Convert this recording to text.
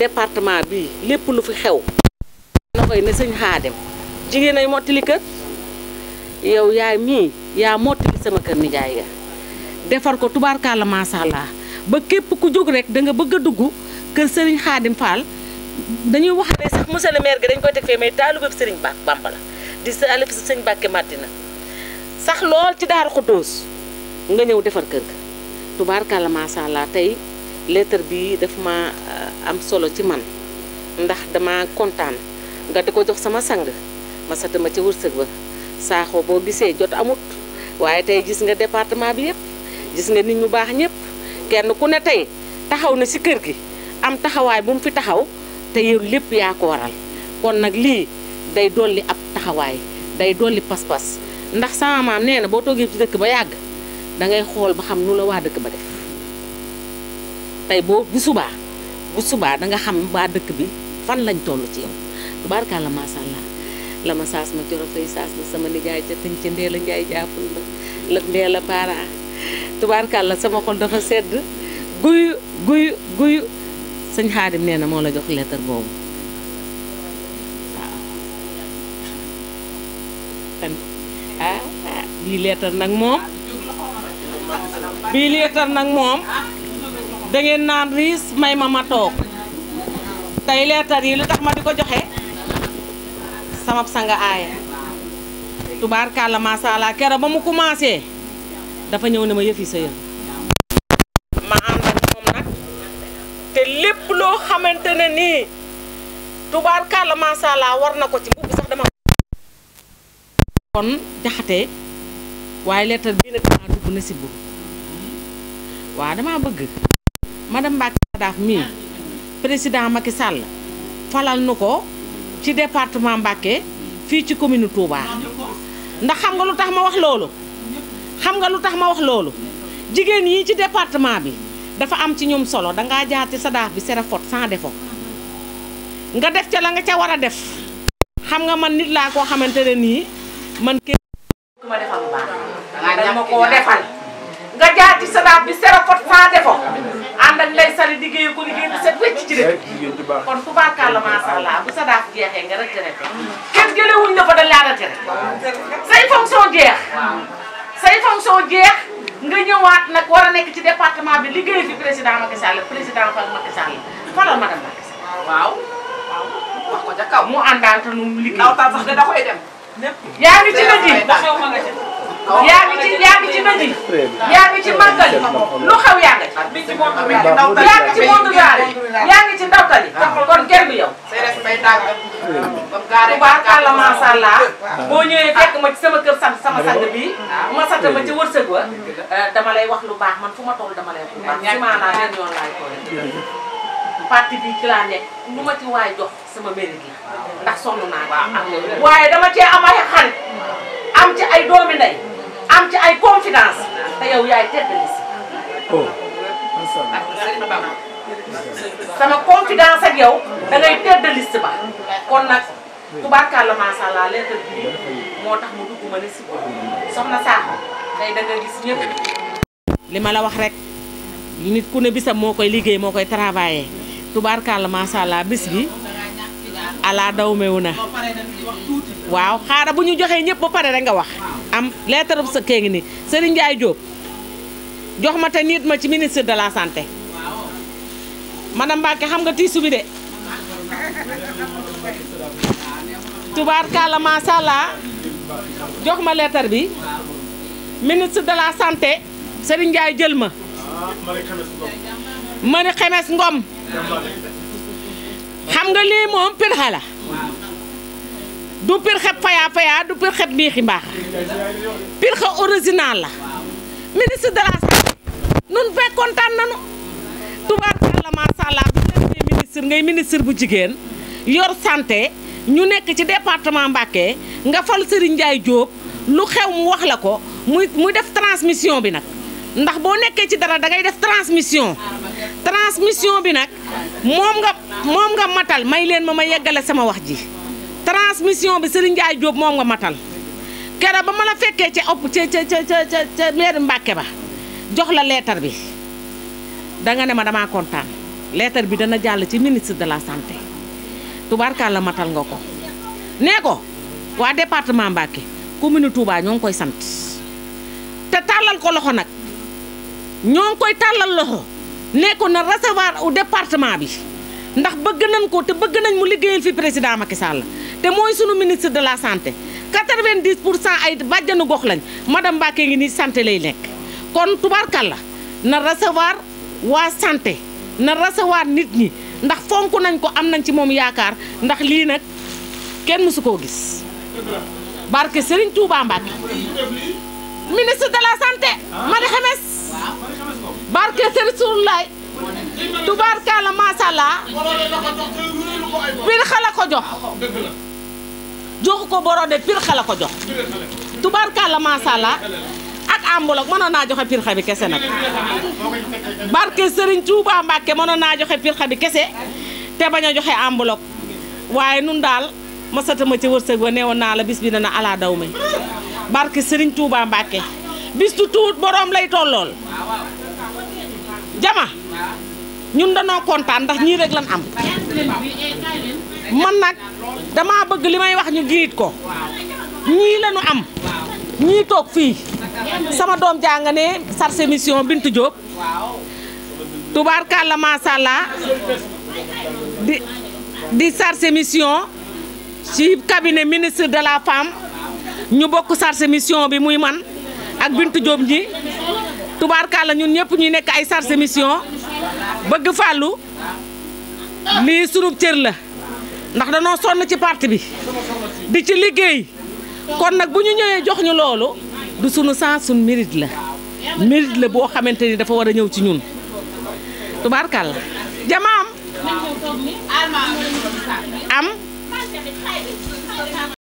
département bi lépp lu fi xew na koy ne sëñ xaadem jigéen ay mottali kër yow yaay mii yaa mottali sama kër nijaay ga defar ko tubaarkàlla macha allah ba képp ku jóg rek danga bëgg a dugg kër sëriñ xaadim Fall dañuy wax ne sax monsieur le maire gi dañ koy teg fee mais taalu bépp sëriñ Ba Bamba di saalif si sëñ Bàkke Madina sax lool ci Daaru Xuddoos nga ñëw defar kër ga tubaarkàlla macha allah tey lettre bi dafa ma euh, am solo ci man ndax dama kontaan nga di ko jox sama sang ma sa ma ca wërsëg ba saaxoo boo gisee jot amut waaye tey gis nga département bi yëpp gis nga nit ñu baax ñëpp kenn ku ne tey taxaw na si kër gi am taxawaay bu mu fi taxaw te yow lépp yaa ko waral kon nag lii day dolli ab taxawaay day dolli pas-pas ndax sama maam nee na boo toogee ci dëkk ba yàgg da ngay xool ba xam nu la waa dëkk ba def tey boo bu subaa da nga xam waa dëkk bi fan lañ toll ci yow tubaarkàlla la ma saas ma coro fay sama nijaay ca tëñ ca ndee la sama xol dafa sedd guyu guyu guyu sëñ xaadim na moo la jox lettre boobu ah, ah, bii lettre nag moom bii lettre nag moom dengen nan ris may mama tok tay tey leetar yi lutax ma diko joxe sama sanga la ma macha allah kera ba mu commencé dafa ñew ne ma yefi sey ma and ak mom nak te lépp loo xamante ne la ma macha allah war ko ci sax dama kon jaxate bi dugg na si bur waa damaa madame Mbacké Sadaf mi président Macky Sall falal nuko ci département Mbacké fi ci commune Touba ndax xam nga lutax ma wax lolu xam nga lutax ma wax lolu jigen yi ci département bi dafa am ci ñom solo nga jaar ci Sadaf bi sera fort sans défaut nga def ci la nga ci wara def xam nga man nit laa koo xamante ma defal ko defal. kon ku barkaal la macha allah bu sa daaf jeexee nga retraité. kenn jëlewuñ la fa dañ laa retraité. say fonction jeex. say fonction jeex nga ñëwaat nag war a nekk ci département bi liggéey fi président Macky Sall président Fall Macky Sall falal madame Macky Sall. mu yaa ngi ci la ji. yaa ngi ci yaa ngi ci nag yaa ngi ci màggal lu xew yaa ngi ci. yaa ngi ci monde gaare yaa ngi ci ndawtal yi. kon ger bi yow. tubaarkàlla macha allah boo ñëwee fekk ma sama kër sant sama sant bii. bu ma sant ma ci wërsëg wa dama lay wax lu baax man fu ma toll dama lay wax lu baax. ci maanaam benn yoon laay ko parti bi ci laa nekk lu ma ci waay jox sama mérite la ndax sonn naa waaye dama cee am ay xarit am ci ay doomi ndey am ci ay confidence te yow yaay tedd sama confidence ak yow da ngay tedd ba kon nag tubaarkàlla macha allah lettre bi motax mu duguma ne ci soxna sa day da nga gis ñepp li ma la eh, wax rek nit ku ne bisam moo liggey liggéey travailler eh. tubaarkàlla macha allah bis bi ala dawmeuna mewu na. waaw xaaral bu ñu joxee ba pare rek nga wax am lettre sa keng ni Serigne Ndiaye Diop jox ma te nit ma ci ministre de la santé madame Mbacke xam nga tiisu bi de tubaarkalla macha allah jox ma lettre bi ministre de la santé Serigne Ndiaye djel ma mané xemes ngom xam nga li mom pirxa du pir xeb faya faya du pir xeb neexi mbaax pir original la ministre de la santé nun fekk kontaan nanu tubaarkalla macha allah bu leen ministre ngay ministre bu jigéen yor santé ñu nekk ci département Mbacké nga fal Serigne Ndiaye Diop lu xew mu wax la ko muy muy def transmission bi nag ndax boo nekkee ci dara da ngay def transmission transmission bi nag moom nga moom nga matal may leen ma ma yeggale sama wax ji transmission bi Serigne Ndiaye job mom nga matal kera ba ma la fekkee op ëpp ci ci ci ci mère ba jox la lettre bi nga ne ma dama contane lettre bi dana jall ci ministre de la santé la matal nga ko nee ko wa département Mbàkke commune Touba ñong koy sant te talal ko loxo nak ñong koy talal loxo nee ko na recevoir au département bi ndax bëgg nañ ko te bëgg nañ mu liggéeyal fi président Macky Sall te mooy sunu ministre de la santé 90 pour cent ay bàjjanu gox lañ madame Mbacké ngi nii sante lay nekk kon tubaarkàlla na recevoir waa santé na recevoir nit ñi ndax fonk nañ ko am nañ ci moom yaakaar ndax lii nag kenn mësu koo gis barke Serigne Touba Mbacké ministre de la santé Marie Xemes barke Serigne Sourlaay tubaarkàlla maasàllaa biir xala ko jox joxu ko borodé pir xale ko ak ambulog mënoon naa joxe pirxa bi kese nag barke Serigne Touba Mbacke mënoon naa joxe pirxa bi kese te bañ a joxe ambulog waaye nun daal masatama ci wërsëg wa neewoon naa la bis bi dana ala daw mi barke Serigne Touba Mbacke lay tollool jama ñun danoo kontaan ndax ñii rek lan am man nag dama bëgg li may wax ñu girit ko ñii lañu am ñii toog fii sama doom jànga ne sarse mission Bintu Diop tubaarkàlla masàllaa di di sarse mission ci cabinet ministre de la femme ñu bokk sarse mission bi muy man ak Bintu Diop ñi tubaarkàlla ñun ñëpp ñuy nekk ay sarse mission bëgg fàllu lii sunub cër la ndax danoo sonn ci parti bi di ci liggéey kon nag bu ñu ñëwee jox ñu loolu du sunu sens sunu mérite la mérite la boo xamante ni dafa war a ñëw ci ñun tubaarkàlla jamaam am